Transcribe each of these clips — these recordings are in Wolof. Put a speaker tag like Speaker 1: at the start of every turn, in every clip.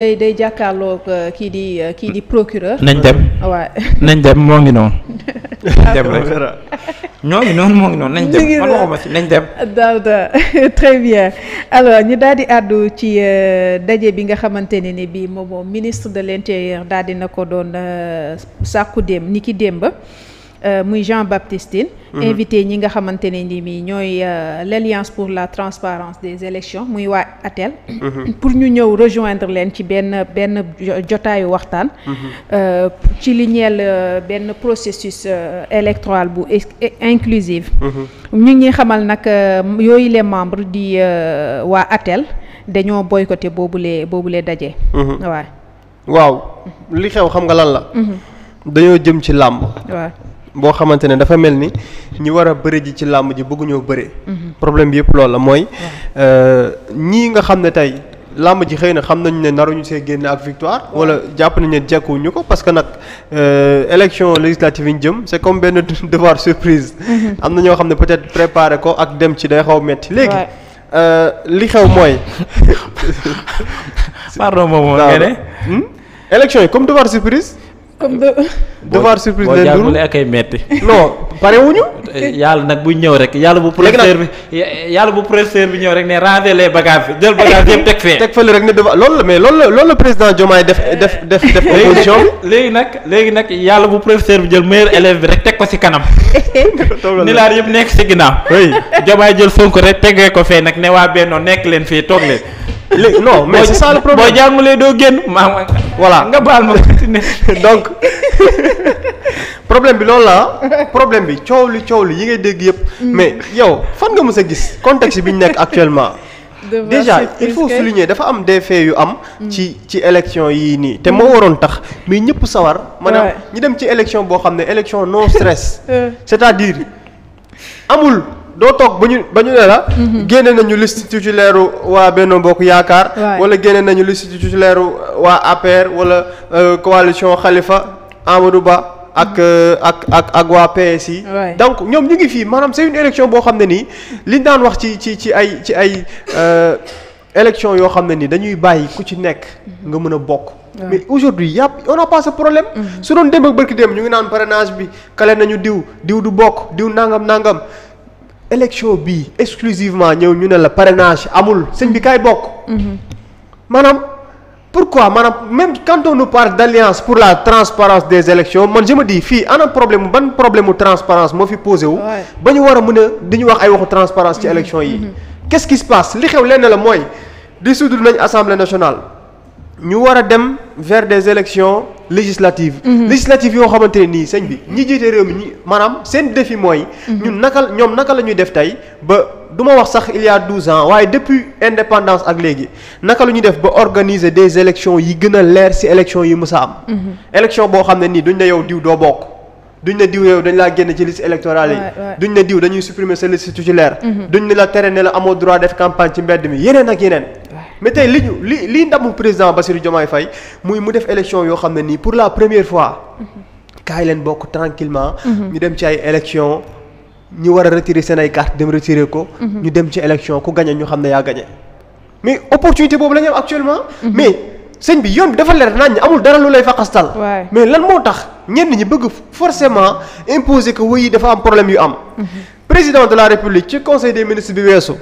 Speaker 1: tey day jàkkaarloo euh, kii di euh, kii di procureur. nañ dem waaw
Speaker 2: nañ dem moo ngi noonu. nañ dem rek ñoo ngi noonu nañ dem man waxuma si dem.
Speaker 1: Daouda très bien alors ñu daal di àddu ci euh, daje bi nga xamante ne ni bii moom ministre de l' intérieur daal di na ko doon sàkku démb ni ki démb. Euh, muy Jean Baptiste mhm. invité ñi nga xamante ne ni mi ñooy euh, l'alliance pour la transparence des élections muy waa ATEL mhm. pour ñu ñëw rejoindre leen ci benn benn jotaayu waxtaan mhm. euh, ci li ñeel benn processus électoral bu e-, inclusive ñu ngi xamal nag yooyu les membre di waa ATEL dañoo boycotté boobulee boobulee daje
Speaker 2: waaw waaw li xew xam nga lan la dañoo jëm ci làmb waaw boo xamante ne dafa mel ni ñi war a bëri ji ci làmb ji bëgguñoo bëri. Mhm. problème bi yëpp loolu la mooy euh, ñii nga xam ne tey làmb ji xëy na xam nañu ne naruñu see génne ak victoire wala jàpp nañu ne jekkuwuñu ko parce que nag euh, élection législative yi ñu jëm c'est comme benn devoir surprise. Mhm. am na ñoo xam ne peut-être préparer ko ak dem ci day xaw metti léegi euh, li xew mooy. pardon moom hmm? élection yi comme devoir surprise. comme euh, de. devoir surprise leen dul ak ay metti non pare wuñu. Eh, yàlla nag bu ñëw rek yàlla bu. professeur bi yàlla bu professeur bi ñëw rek ne ranger les bagages jël bagages yëpp teg fee. teg fële rek ne dafa loolu la mais lool la loolu la président Diomaye def def def def opposition léegi nag léegi nag yàlla bu professeur bi jël meilleur élève rek teg ko si kanam. ni laar yëpp nekk ci ginnaaw. oui Diomaye jël Sonko rek tegee ko fee nag ne waa Benno nekk leen fii toog leen. léegi non mais c'est jaar le problème doo génn maam voilà nga baal ma continuer donc problème bi loolu la problème bi coow lu coow li yi ngay dégg yëpp mm. mais yow fan nga mës a gis contexte bi ñu nekk actuellement
Speaker 1: déjà il faut souligner
Speaker 2: dafa am des faits yu am mm. ci ci élection yii nii te moo mm. waroon tax mais ñëpp sawar maanaam ñu dem ci élection boo xam ne élection non stress euh. c'est-à-dire amul doo toog ba ñu ba ñu ne la. Mhm. génne nañu liste titulaire waa benn Bokk Yaakaar. wala génne nañu liste titulaire waa APR wala euh, coalition xalifa Amadou Ba. ak mhm. euh, ak ak ak waa PS yi. donc ñoom ñu ngi fii maanaam c'est une élection boo xam ne nii li daan wax ci ci ci ay ci ay euh, élection yoo xam ne nii dañuy bàyyi ku ci nekk nga mën a bokk. mais aujourd'hui yàpp on n'a pas ce problème. Mhm. su doon dem ak barki dem ñu ngi naan parrainage bi kale nañu diw diw du bokk diw nangam nangam. élection bi exclusivement ñëw ñu ne la parrainage amul sëñ bi kay bokk. Mhm. maanaam pourquoi maanaam même quand on nous parle pour la transparence des élections man je me dis fii ana problème ban problème mu transparence moo fi posé ba ñu war a mën a ñu wax ay waxu transparence ci mhm. élection yi. Mhm. qu' est qui se passe li xew lenn la mooy di dissoudre nañ assemblée nationale. ñu war a dem ver des élections législatives. Mhm. législatives yoo xamante ne nii sëñ bi ñi jiite réew mi ñi maanaam seen défi mooy. Mhm. ñun naka ñoom naka la ñuy def tey ba du ma wax sax il y a douze ans waaye depuis indépendance ak léegi naka la ñuy def ba organiser des élections yi gën a leer ci élections yi mës a am. Mhm. élection boo xam ne nii duñ ne yow diw doo bokk duñ ne diw yow dañ laa génn ci liste électorale yi. duñ ne diw dañuy supprimer sa liste titulaire. duñ ne la tere ne la amoo def campagne ci mbedd mi yeneen ak yeneen. mais tey li ñu li li ndamu président Bassirou Diomaye Faye muy mu def élection yoo xam ne nii pour la première fois. kaay leen bokk tranquillement mhm. ñu dem ci ay élection ñu war a retirer seen ay carte dem retirer ko. Mhm. ñu dem ci élection ku gagné ñu xam ne yaa gagné. mais opportunité boobu la am actuellement. Mhm. mais sëñ bi yoon bi dafa leer nañ amul dara lu lay faqastal. mais lan moo tax ñenn ñi bëgg forcément imposer que wëy yi dafa am problème yu am. président de la république ci conseil des ministres bi weesu.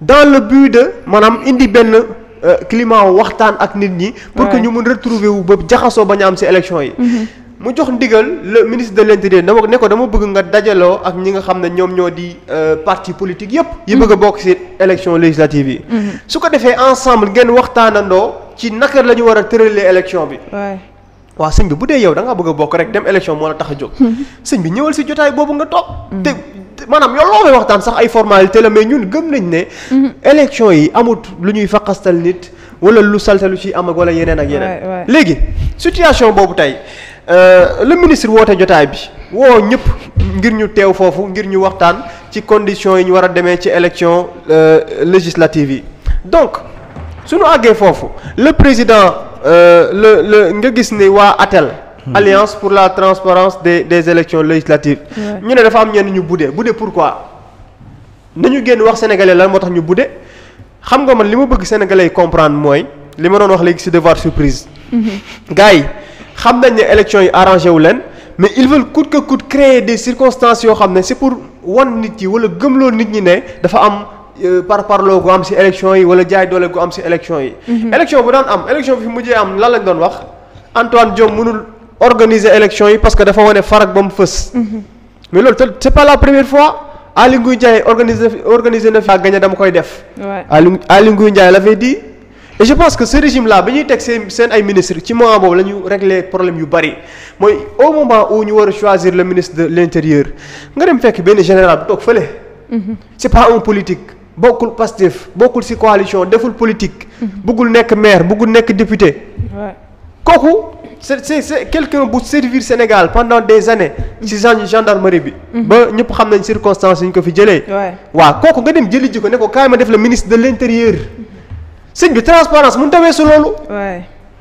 Speaker 2: dans le but de maanaam indi benn euh, climat waxtaan ak nit ñi. pour que ñu mën retrouver wu ba jaxasoo bañ ñu am ci élection yi. Mhm. mu jox ndigal le ministre de l'intérieur dama ko ko dama bëgg nga dajaloo ak ñi nga xam ne ñoom ñoo di euh, parti politique yépp yi mhm. bëgg a bokk ci élection législative yi. Mhm. su ko defee ensemble ngeen waxtaanandoo ci naka la ñu war a tëralee élection bi. waaw sëñ bi bu dee yow da ngaa bëgg a bokk rek dem élection moo la tax a jóg. sëñ bi ñëwal si jotaay boobu nga toog. Mm-hmm. te maanaam yow loo fay waxtaan sax ay formalité la mais ñun gëm nañ ne. Mm-hmm. élection yi amut lu ñuy faqastal nit wala lu salte lu ci am ak wala yeneen ak yeneen. léegi situation boobu tey euh, le ministre woote jotaay bi woo ñëpp ngir ñu teew foofu ngir ñu waxtaan ci conditions yi ñu war a demee ci élection euh, législative yi donc suñu àggee foofu Euh, le le nga gis ni waa ATEL. Hmm. alliance pour la transparence des des élections législatives. ñu ne dafa am ñenn ñu budde budde pourquoi nañu génn wax sénégalais lan moo tax ñu budde xam nga man li ma bëgg sénégalais yi comprendre mooy li ma doon wax léegi ci devoir surprise. Mm-hmm. gars yi xam nañ ne élections yi arrangé wu leen mais ils veulent coûte que coûte créer des circonstances yoo xam ne c'est pour wan nit yi wala loo nit ñi ne dafa am. Euh, par parloo gu am ci élection yi wala jaay doole gu am ci élection yi. Mhm. élection bu daan am élection bi fi mujjee am lan lañ doon wax Antoine Diome mënul organiser élection yi parce que dafa wane farak ba mu fës. Mhm. mais loolu te c'est pas la première fois Aly Ngouille Ndiaye organiser organiser na fi dama koy def. waaw Aly Ngouille Ndiaye l'avait je pense que ce régime là ñuy teg seen seen ay ministres ci moment boobu la ñu régler problème yu bari mooy au moment où ñu war a choisir le ministre de l'intérieur nga dem fekk benn général toog fële. Mhm. c'est pas politique. bokkul Pastef bokkul ci coalition deful politique. bëggul nekk maire bëggul nekk député. kooku c'est c'est c'est quelqu'un bu servir Sénégal pendant des années. ci genre gendarmerie bi. Mhm. ba ñëpp xam nañ circonstances yi ñu ko fi jëlee. waaw kooku nga dem jëli ji ko ne ko kaay ma def la ministre de l'intérieur. sëñ bi transparence mun tawee su loolu.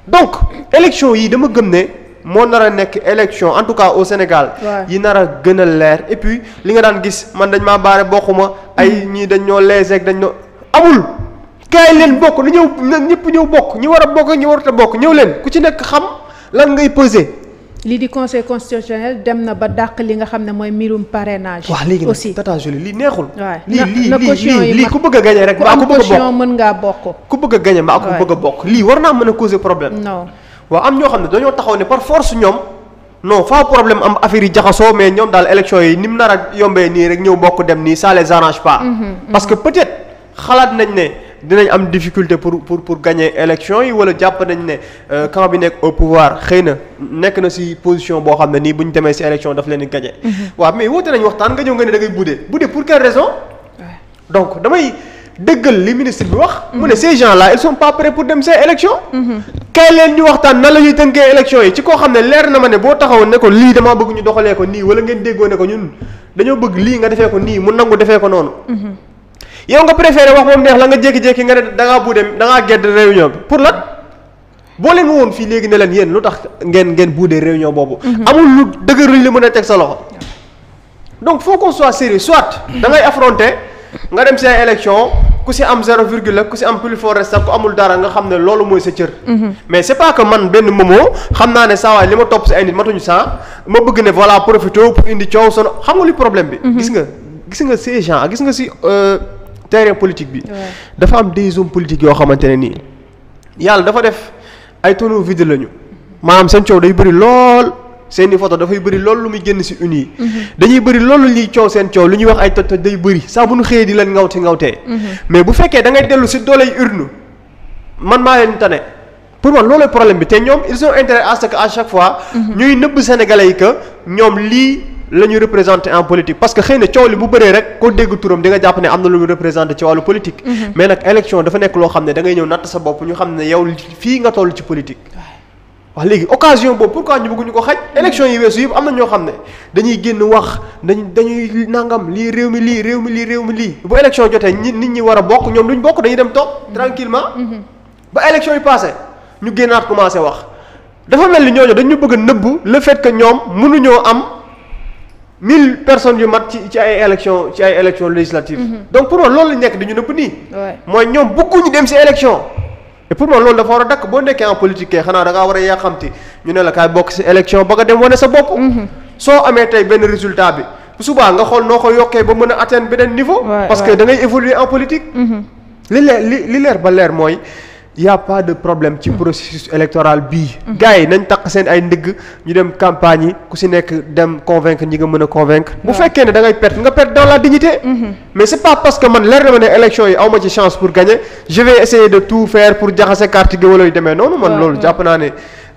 Speaker 2: donc élection yi dama gëm ne. moo nar a nekk élection en tout cas au Sénégal. yi nar a gën a leer et puis li nga daan gis man dañ maa baare bokkuma ay ñii dañ ñoo leeseeg dañ ñoo amul. kaay leen bokk lu ñëw ñëpp ñëw bokk ñi war a bokk ñi warut a bokk ñëw leen ku ci nekk xam lan ngay peser.
Speaker 1: lii di conseil constitutionnel dem na ba dàq li nga xam ne mooy mbirum parrainage. aussi waaw léegi
Speaker 2: nag lii
Speaker 1: neexul. lii lii lii ku bëgg a gañe rek. mbaa ku bëgg a bokk mën ngaa bokk. ku
Speaker 2: bëgg a gañe mbaa bokk lii war naa mën a causer problème. non waaw am ñoo xam ne dañoo taxaw ne par force ñoom non faa problème am affaire yi jaxasoo mais ñoom daal élection yi ni mu nar yombee nii rek ñëw bokk dem nii ça les arrange pas. Mm-hmm, mm-hmm. parce que peut-être xalaat nañ ne dinañ am difficulté pour pour pour gagner élection yi wala jàpp nañ ne euh, camp bi nekk au pouvoir xëy na nekk na si position boo xam ne nii bu demee ci élection daf leen di gagner. Mm-hmm. waaw mais woote nañ waxtaan nga ñëw nga ne da ngay budde pour quelle raison. dëggal li ministre bi wax. mu ne mhm. ces gens là ils sont pas prêts pour dem seen élection. Mhm. kay leen ñu waxtaan nan la ñuy tënkee élection yi ci koo xam ne leer na ma ne boo taxawoon ne ko lii damaa bëgg ñu doxalee ko nii wala ngeen déggoo ne ko ñun dañoo bëgg lii nga defee ko nii mu nangu defee ko noonu. Mhm. yow nga préféré wax moom neex la nga jékki-jékki nga ne da ngaa buude da ngaa gedd réunion bi pour lan boo leen woon fii léegi ne leen yéen lu tax ngeen ngeen buudee réunion boobu. amul lu dëgëral li mën a teg sa donc faut qu'on soit soit da ngay affronter nga dem seen élection ku si am zéro virgule ak ku si am plus fort reste ku amul dara nga xam ne loolu mooy sa cër. Mhm. mais c'est pas que man benn Momo xam naa ne saa waay li ma topp si ay nit matuñu saa ma bëgg ne voilà profité pour indi coow sono xam nga li problème bi. Mhm. gis nga gis nga ces gens gis nga si euh, terrain politique bi. dafa am des hommes politiques yoo xamante ne nii yàlla dafa def ay tonneaux vides lañu maanaam seen coow day bëri lool. seeni photo dafay bëri loolu lu muy génn si une yi mhm. dañuy bëri loolu ñuy coow seen coow lu ñuy wax ay toj toj day bëri saa bu xëyee di leen ngawte ngawtee mhm. mais bu fekkee da dellu si dooley urne man maa leen pour man loolu problème bi te ñoom ils ont intérêt à ce à chaque fois mhm. ñuy nëbb sénégalais yi que ñoom lii la représenté en politique parce que xëy na coow li bu bëree rek koo dégg turam di jàpp ne am na lu mu représenté ci wàllu politique wax léegi occasion boobu pourquoi ñu bëgguñu ko xaj yu yi weesu yëpp am na ñoo xam ne dañuy génn wax dañuy dañuy nangam lii réew mi lii réew mi lii réew mi lii bu élection jotee ñi nit ñi war a bokk ñoom duñ bokk dañuy dem toog tranquillement mm-hmm. ba élection yi passé ñu génnaat commencé wax dafa mel ni ñooñu dañu bëgg a nëbb le fait que ñoom mënuñoo am mille personnes yu mat ci ci ay élection ci ay élection législative mm-hmm. donc pour moi loolu lañ nekk dañu nëbb nii mooy ñoom bëgguñu dem si élection pour man loolu dafa war a dakk boo nekkee en politique kay xanaa da war a yaa ñu ne la kaay bokk si élection ba nga dem wane sa bopp. Mhm. soo amee tey benn résultat bi bu subaa nga xool noo ko yokkee ba mën a atteindre beneen niveau. parce que da ngay évoluer en politique. Mhm. li leer li li leer ba leer mooy. y' a pas de problème ci processus électoral bii. gars yi nañ takk seen ay ndigg ñu dem campagne yi ku si nekk dem convaincre ñi nga mën a convaincre. bu fekkee ne da ngay perte nga perte dans la dignité. Mhm. mais c' pas parce que man leer na ma ne élection yi aw ma ci chance pour gagner je vais essayer de tout faire pour jaxase carte gi wala yu demee noonu. man loolu jàpp naa ne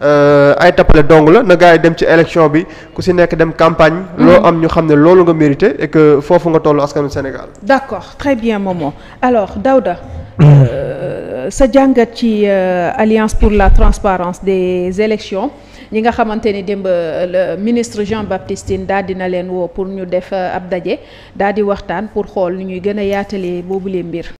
Speaker 2: euh, ay tappale dong la na gars yi dem ci élection bi ku si nekk dem campagne. Mhm. loo am ñu xam ne loolu nga mérité et foofu nga tollu askanu Sénégal.
Speaker 1: d' accord très bien Momo alors Daouda. Euh, sa jàngat ci euh, alliance pour la transparence des élections ñi nga xamante ni démb le ministre Jean Baptiste Tine daal dina leen woo pour ñu def euh, ab daje daal di waxtaan pour xool nu ñuy gën a yaatalee boobu lee mbir